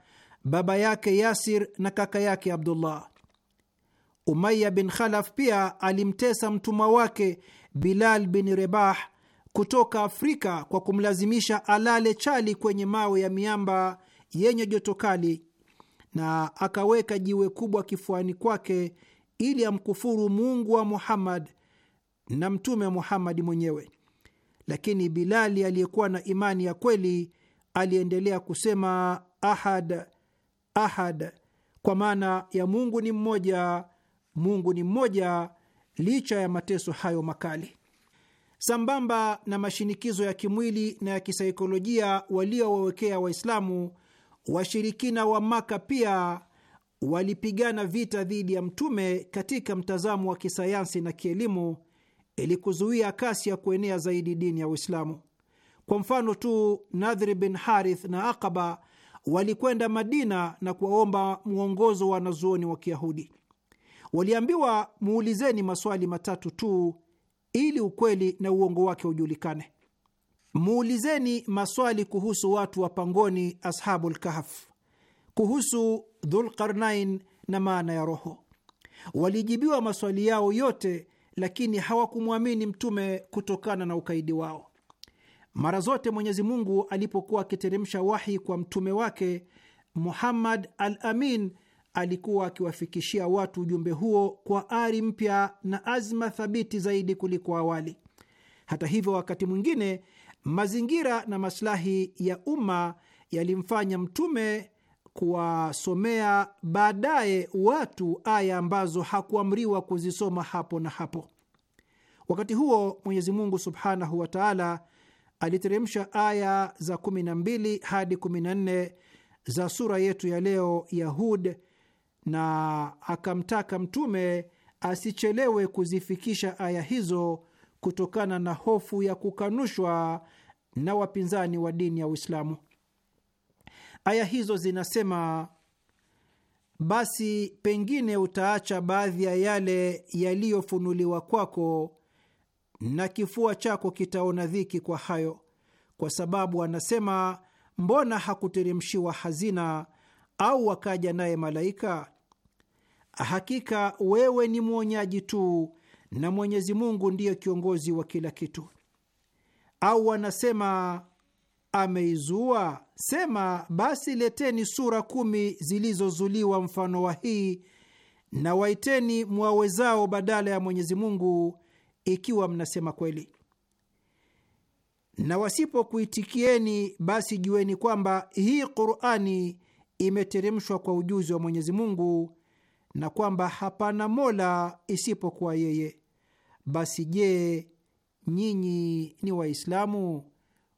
baba yake Yasir na kaka yake Abdullah. Umaya bin Khalaf pia alimtesa mtumwa wake Bilal bin Rebah kutoka Afrika kwa kumlazimisha alale chali kwenye mawe ya miamba yenye joto kali na akaweka jiwe kubwa kifuani kwake ili amkufuru Mungu wa Muhammad na Mtume Muhammadi mwenyewe. Lakini Bilali aliyekuwa na imani ya kweli aliendelea kusema ahad, ahad, kwa maana ya Mungu ni mmoja, Mungu ni mmoja, licha ya mateso hayo makali sambamba na mashinikizo ya kimwili na ya kisaikolojia waliowawekea Waislamu. Washirikina wa Maka pia walipigana vita dhidi ya mtume katika mtazamo wa kisayansi na kielimu ili kuzuia kasi ya kuenea zaidi dini ya Uislamu. Kwa mfano tu, Nadhri bin Harith na aqaba walikwenda Madina na kuwaomba mwongozo wa wanazuoni wa Kiyahudi. Waliambiwa, muulizeni maswali matatu tu ili ukweli na uongo wake ujulikane. Muulizeni maswali kuhusu watu wa pangoni, ashabu lkahf, kuhusu Dhulqarnain na maana ya roho. Walijibiwa maswali yao yote lakini hawakumwamini mtume kutokana na ukaidi wao. Mara zote Mwenyezi Mungu alipokuwa akiteremsha wahi kwa mtume wake Muhammad al-Amin alikuwa akiwafikishia watu ujumbe huo kwa ari mpya na azma thabiti zaidi kuliko awali. Hata hivyo, wakati mwingine mazingira na maslahi ya umma yalimfanya mtume kuwasomea baadaye watu aya ambazo hakuamriwa kuzisoma hapo na hapo. Wakati huo Mwenyezi Mungu subhanahu wa taala aliteremsha aya za 12 hadi 14 za sura yetu ya leo ya Hud, na akamtaka mtume asichelewe kuzifikisha aya hizo kutokana na hofu ya kukanushwa na wapinzani wa dini ya Uislamu. Aya hizo zinasema: basi pengine utaacha baadhi ya yale yaliyofunuliwa kwako na kifua chako kitaona dhiki kwa hayo, kwa sababu anasema mbona hakuteremshiwa hazina au wakaja naye malaika? Hakika wewe ni mwonyaji tu, na Mwenyezi Mungu ndiye kiongozi wa kila kitu. Au wanasema ameizua. Sema basi, leteni sura kumi zilizozuliwa mfano wa hii, na waiteni mwawezao badala ya Mwenyezi Mungu, ikiwa mnasema kweli. Na wasipokuitikieni, basi jueni kwamba hii Qur'ani imeteremshwa kwa ujuzi wa Mwenyezi Mungu na kwamba hapana mola isipokuwa yeye. Basi je, nyinyi ni Waislamu?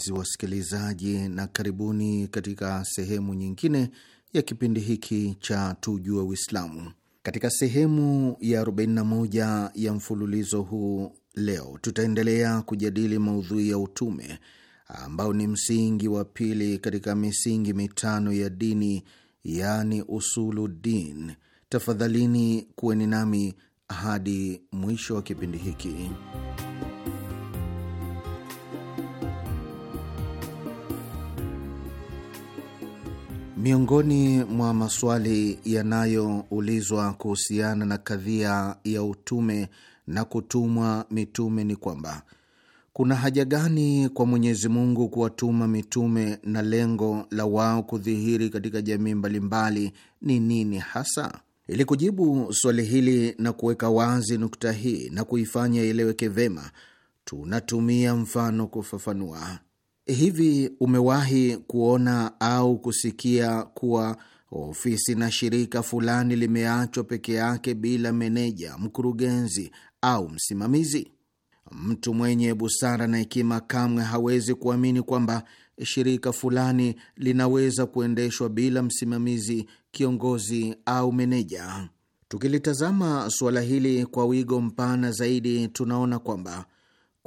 Wapenzi wasikilizaji, na karibuni katika sehemu nyingine ya kipindi hiki cha Tujue Uislamu. Katika sehemu ya 41 ya mfululizo huu, leo tutaendelea kujadili maudhui ya utume ambao ni msingi wa pili katika misingi mitano ya dini, yaani usuluddin. Tafadhalini kuweni nami hadi mwisho wa kipindi hiki. Miongoni mwa maswali yanayoulizwa kuhusiana na kadhia ya utume na kutumwa mitume ni kwamba kuna haja gani kwa Mwenyezi Mungu kuwatuma mitume na lengo la wao kudhihiri katika jamii mbalimbali ni nini hasa? Ili kujibu swali hili na kuweka wazi nukta hii na kuifanya ieleweke vema, tunatumia mfano kufafanua. Hivi umewahi kuona au kusikia kuwa ofisi na shirika fulani limeachwa peke yake bila meneja, mkurugenzi au msimamizi? Mtu mwenye busara na hekima kamwe hawezi kuamini kwamba shirika fulani linaweza kuendeshwa bila msimamizi, kiongozi au meneja. Tukilitazama suala hili kwa wigo mpana zaidi, tunaona kwamba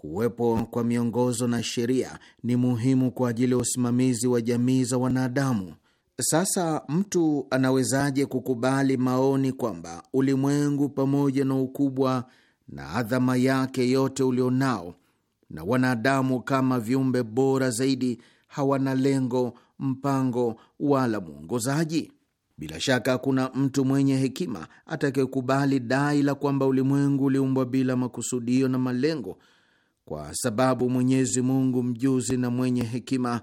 Kuwepo kwa miongozo na sheria ni muhimu kwa ajili ya usimamizi wa jamii za wanadamu. Sasa mtu anawezaje kukubali maoni kwamba ulimwengu pamoja na ukubwa na adhama yake yote ulionao na wanadamu kama viumbe bora zaidi hawana lengo, mpango wala mwongozaji? Bila shaka hakuna mtu mwenye hekima atakayekubali dai la kwamba ulimwengu uliumbwa bila makusudio na malengo kwa sababu Mwenyezi Mungu mjuzi na mwenye hekima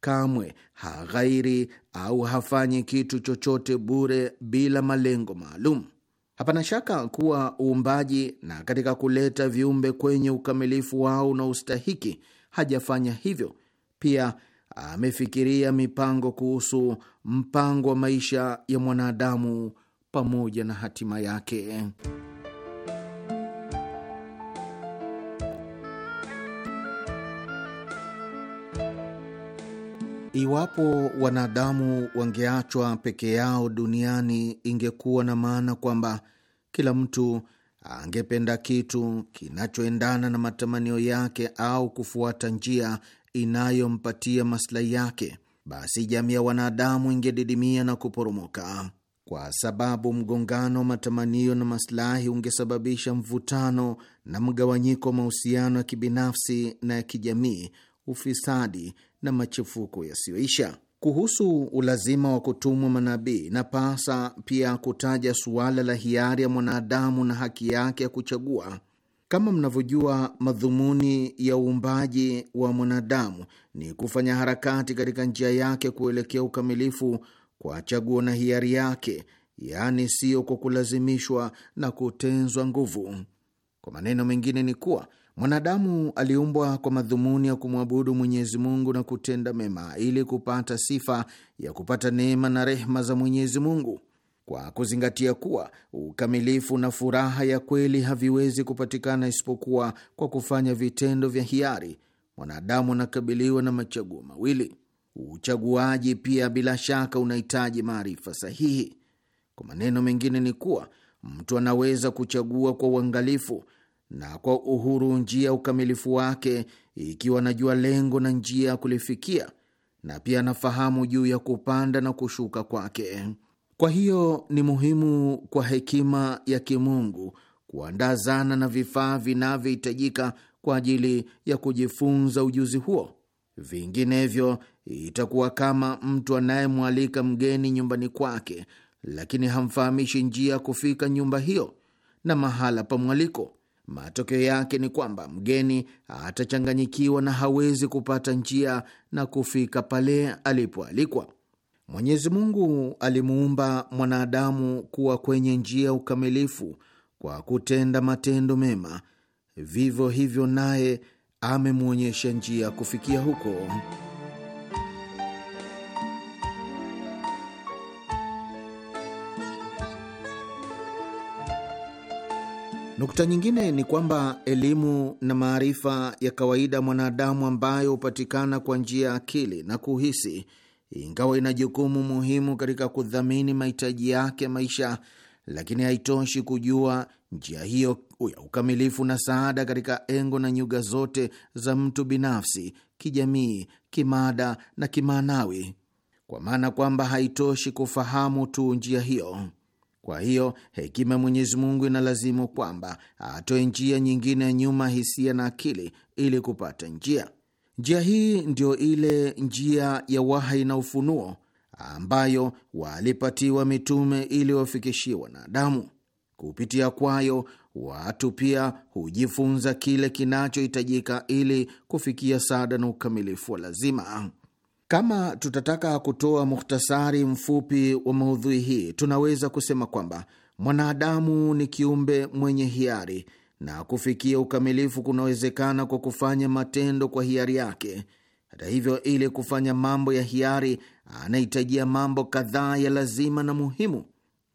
kamwe haghairi au hafanyi kitu chochote bure bila malengo maalum. Hapana shaka kuwa uumbaji na katika kuleta viumbe kwenye ukamilifu wao na ustahiki, hajafanya hivyo. Pia amefikiria mipango kuhusu mpango wa maisha ya mwanadamu pamoja na hatima yake. Iwapo wanadamu wangeachwa peke yao duniani, ingekuwa na maana kwamba kila mtu angependa kitu kinachoendana na matamanio yake au kufuata njia inayompatia maslahi yake, basi jamii ya wanadamu ingedidimia na kuporomoka, kwa sababu mgongano wa matamanio na maslahi ungesababisha mvutano na mgawanyiko wa mahusiano ya kibinafsi na ya kijamii, ufisadi na machafuko yasiyoisha. Kuhusu ulazima wa kutumwa manabii, na pasa pia kutaja suala la hiari ya mwanadamu na haki yake ya kuchagua. Kama mnavyojua, madhumuni ya uumbaji wa mwanadamu ni kufanya harakati katika njia yake kuelekea ukamilifu kwa chaguo na hiari yake, yaani siyo kwa kulazimishwa na kutenzwa nguvu. Kwa maneno mengine ni kuwa Mwanadamu aliumbwa kwa madhumuni ya kumwabudu Mwenyezi Mungu na kutenda mema ili kupata sifa ya kupata neema na rehma za Mwenyezi Mungu. Kwa kuzingatia kuwa ukamilifu na furaha ya kweli haviwezi kupatikana isipokuwa kwa kufanya vitendo vya hiari, mwanadamu anakabiliwa na machaguo mawili. Uchaguaji pia bila shaka unahitaji maarifa sahihi. Kwa maneno mengine, ni kuwa mtu anaweza kuchagua kwa uangalifu na kwa uhuru njia ya ukamilifu wake, ikiwa anajua lengo na njia ya kulifikia, na pia anafahamu juu ya kupanda na kushuka kwake. Kwa hiyo ni muhimu kwa hekima ya kimungu kuandaa zana na vifaa vinavyohitajika kwa ajili ya kujifunza ujuzi huo. Vinginevyo itakuwa kama mtu anayemwalika mgeni nyumbani kwake, lakini hamfahamishi njia ya kufika nyumba hiyo na mahala pa mwaliko, Matokeo yake ni kwamba mgeni atachanganyikiwa na hawezi kupata njia na kufika pale alipoalikwa. Mwenyezi Mungu alimuumba mwanadamu kuwa kwenye njia ya ukamilifu kwa kutenda matendo mema, vivyo hivyo naye amemwonyesha njia ya kufikia huko. Nukta nyingine ni kwamba elimu na maarifa ya kawaida mwanadamu ambayo hupatikana kwa njia ya akili na kuhisi, ingawa ina jukumu muhimu katika kudhamini mahitaji yake ya maisha, lakini haitoshi kujua njia hiyo ya ukamilifu na saada katika engo na nyuga zote za mtu binafsi, kijamii, kimada na kimaanawi, kwa maana kwamba haitoshi kufahamu tu njia hiyo kwa hiyo hekima ya Mwenyezi Mungu inalazimu kwamba atoe njia nyingine nyuma hisia na akili ili kupata njia. Njia hii ndio ile njia ya wahai na ufunuo ambayo walipatiwa mitume ili wafikishie wanadamu. Kupitia kwayo watu pia hujifunza kile kinachohitajika ili kufikia saada na ukamilifu wa lazima. Kama tutataka kutoa muhtasari mfupi wa maudhui hii, tunaweza kusema kwamba mwanadamu ni kiumbe mwenye hiari na kufikia ukamilifu kunawezekana kwa kufanya matendo kwa hiari yake. Hata hivyo, ili kufanya mambo ya hiari, anahitajia mambo kadhaa ya lazima na muhimu.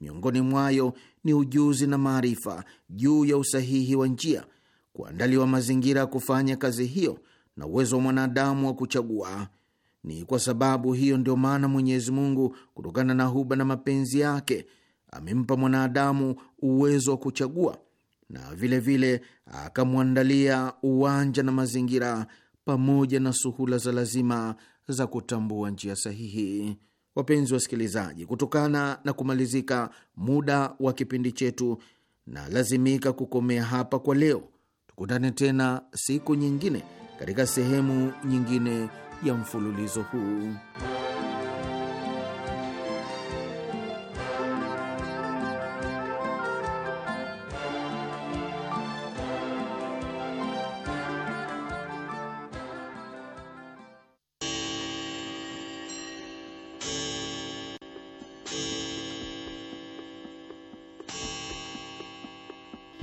Miongoni mwayo ni ujuzi na maarifa juu ya usahihi wa njia, kuandaliwa mazingira ya kufanya kazi hiyo, na uwezo wa mwanadamu wa kuchagua. Ni kwa sababu hiyo ndio maana Mwenyezi Mungu, kutokana na huba na mapenzi yake, amempa mwanadamu uwezo wa kuchagua na vilevile akamwandalia uwanja na mazingira pamoja na suhula za lazima za kutambua njia sahihi. Wapenzi wasikilizaji, kutokana na kumalizika muda wa kipindi chetu, na lazimika kukomea hapa kwa leo. Tukutane tena siku nyingine katika sehemu nyingine ya mfululizo huu.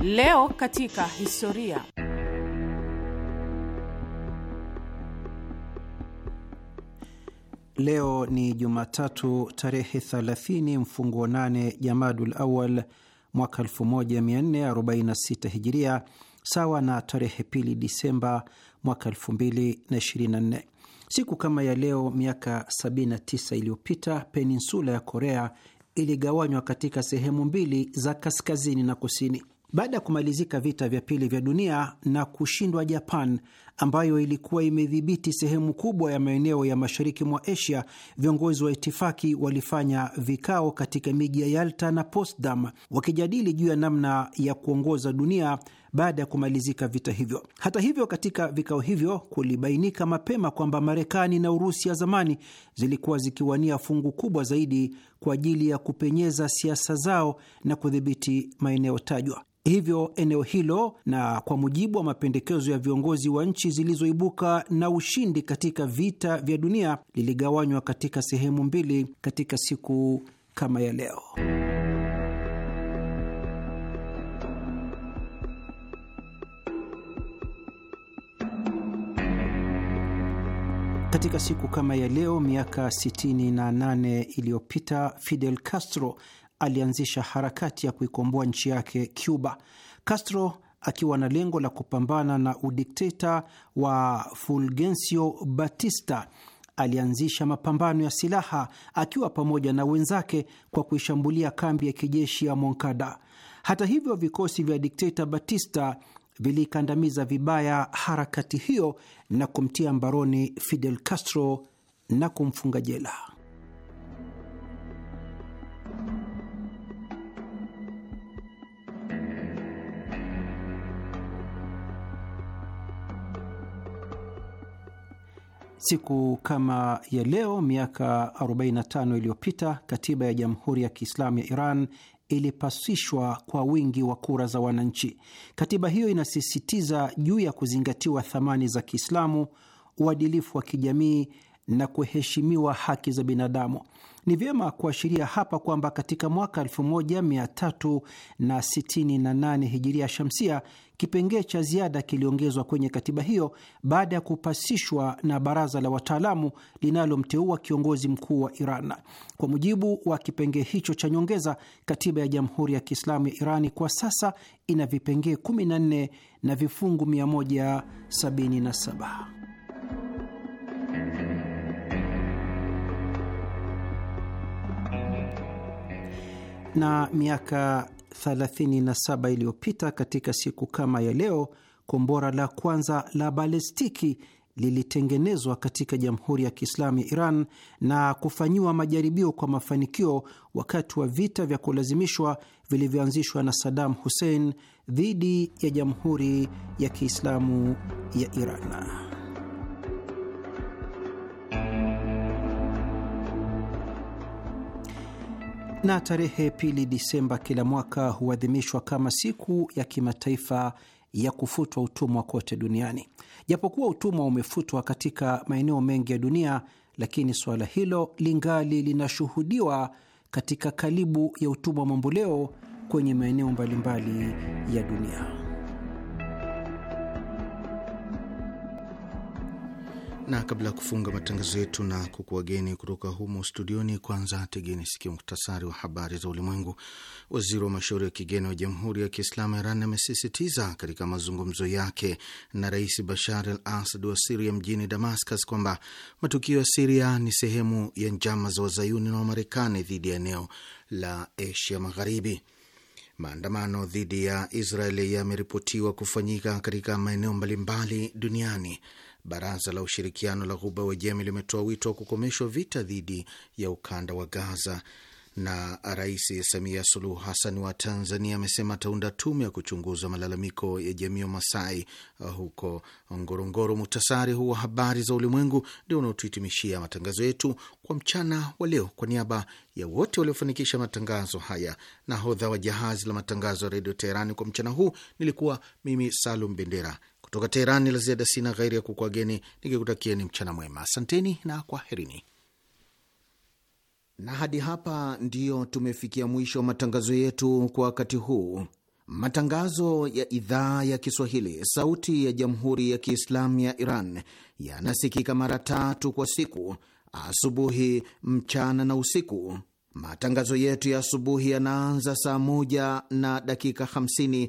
Leo katika historia. Leo ni Jumatatu tarehe 30 mfunguo 8 Jamadul Awal mwaka 1446 Hijiria, sawa na tarehe pili Disemba mwaka 2024. Siku kama ya leo miaka 79 iliyopita peninsula ya Korea iligawanywa katika sehemu mbili za kaskazini na kusini. Baada ya kumalizika vita vya pili vya dunia na kushindwa Japan, ambayo ilikuwa imedhibiti sehemu kubwa ya maeneo ya mashariki mwa Asia, viongozi wa itifaki walifanya vikao katika miji ya Yalta na Potsdam wakijadili juu ya namna ya kuongoza dunia baada ya kumalizika vita hivyo. Hata hivyo, katika vikao hivyo kulibainika mapema kwamba Marekani na Urusi ya zamani zilikuwa zikiwania fungu kubwa zaidi kwa ajili ya kupenyeza siasa zao na kudhibiti maeneo tajwa. Hivyo eneo hilo, na kwa mujibu wa mapendekezo ya viongozi wa nchi nchi zilizoibuka na ushindi katika vita vya dunia liligawanywa katika sehemu mbili katika siku kama ya leo. Katika siku kama ya leo miaka 68 iliyopita Fidel Castro alianzisha harakati ya kuikomboa nchi yake Cuba. Castro akiwa na lengo la kupambana na udikteta wa Fulgencio Batista alianzisha mapambano ya silaha akiwa pamoja na wenzake kwa kuishambulia kambi ya kijeshi ya Moncada. Hata hivyo, vikosi vya dikteta Batista vilikandamiza vibaya harakati hiyo na kumtia mbaroni Fidel Castro na kumfunga jela. Siku kama ya leo miaka 45 iliyopita katiba ya Jamhuri ya Kiislamu ya Iran ilipasishwa kwa wingi wa kura za wananchi. Katiba hiyo inasisitiza juu ya kuzingatiwa thamani za Kiislamu, uadilifu wa kijamii na kuheshimiwa haki za binadamu. Ni vyema kuashiria hapa kwamba katika mwaka 1368 hijiria shamsia kipengee cha ziada kiliongezwa kwenye katiba hiyo baada ya kupasishwa na baraza la wataalamu linalomteua kiongozi mkuu wa Iran. Kwa mujibu wa kipengee hicho cha nyongeza, katiba ya Jamhuri ya Kiislamu ya Irani kwa sasa ina vipengee 14 na vifungu 177. Na miaka 37 iliyopita katika siku kama ya leo, kombora la kwanza la balestiki lilitengenezwa katika Jamhuri ya Kiislamu ya Iran na kufanyiwa majaribio kwa mafanikio wakati wa vita vya kulazimishwa vilivyoanzishwa na Saddam Hussein dhidi ya Jamhuri ya Kiislamu ya Iran. na tarehe pili Disemba kila mwaka huadhimishwa kama siku ya kimataifa ya kufutwa utumwa kote duniani. Japokuwa utumwa umefutwa katika maeneo mengi ya dunia, lakini suala hilo lingali linashuhudiwa katika kalibu ya utumwa mamboleo kwenye maeneo mbalimbali ya dunia. na kabla ya kufunga matangazo yetu na kukuageni kutoka humo studioni, kwanza tegeni sikio muktasari wa habari za ulimwengu. Waziri wa mashauri ya kigeni wa Jamhuri ya Kiislamu ya Iran amesisitiza katika mazungumzo yake na Rais Bashar al Asad wa Siria mjini Damascus kwamba matukio ya Siria ni sehemu ya njama za Wazayuni na Wamarekani dhidi ya eneo la Asia Magharibi. Maandamano dhidi ya Israeli yameripotiwa kufanyika katika maeneo mbalimbali duniani. Baraza la Ushirikiano la Ghuba Jemi limetoa wito wa kukomeshwa vita dhidi ya ukanda wa Gaza na Rais Samia Suluhu Hassan wa Tanzania amesema ataunda tume ya kuchunguza malalamiko ya jamii Masai uh, huko Ngorongoro. Muhtasari huu wa habari za ulimwengu ndio unaotuhitimishia matangazo yetu kwa mchana wa leo. Kwa niaba ya wote waliofanikisha matangazo haya, nahodha wa jahazi la matangazo ya Redio Teherani kwa mchana huu nilikuwa mimi Salum Bendera. Kutoka Teheran la ziada sina ghairi ya kukwageni nikikutakieni mchana mwema, asanteni na kwaherini. Na hadi hapa ndiyo tumefikia mwisho wa matangazo yetu kwa wakati huu. Matangazo ya idhaa ya Kiswahili sauti ya jamhuri ya Kiislamu ya Iran yanasikika mara tatu kwa siku: asubuhi, mchana na usiku. Matangazo yetu ya asubuhi yanaanza saa moja na dakika 5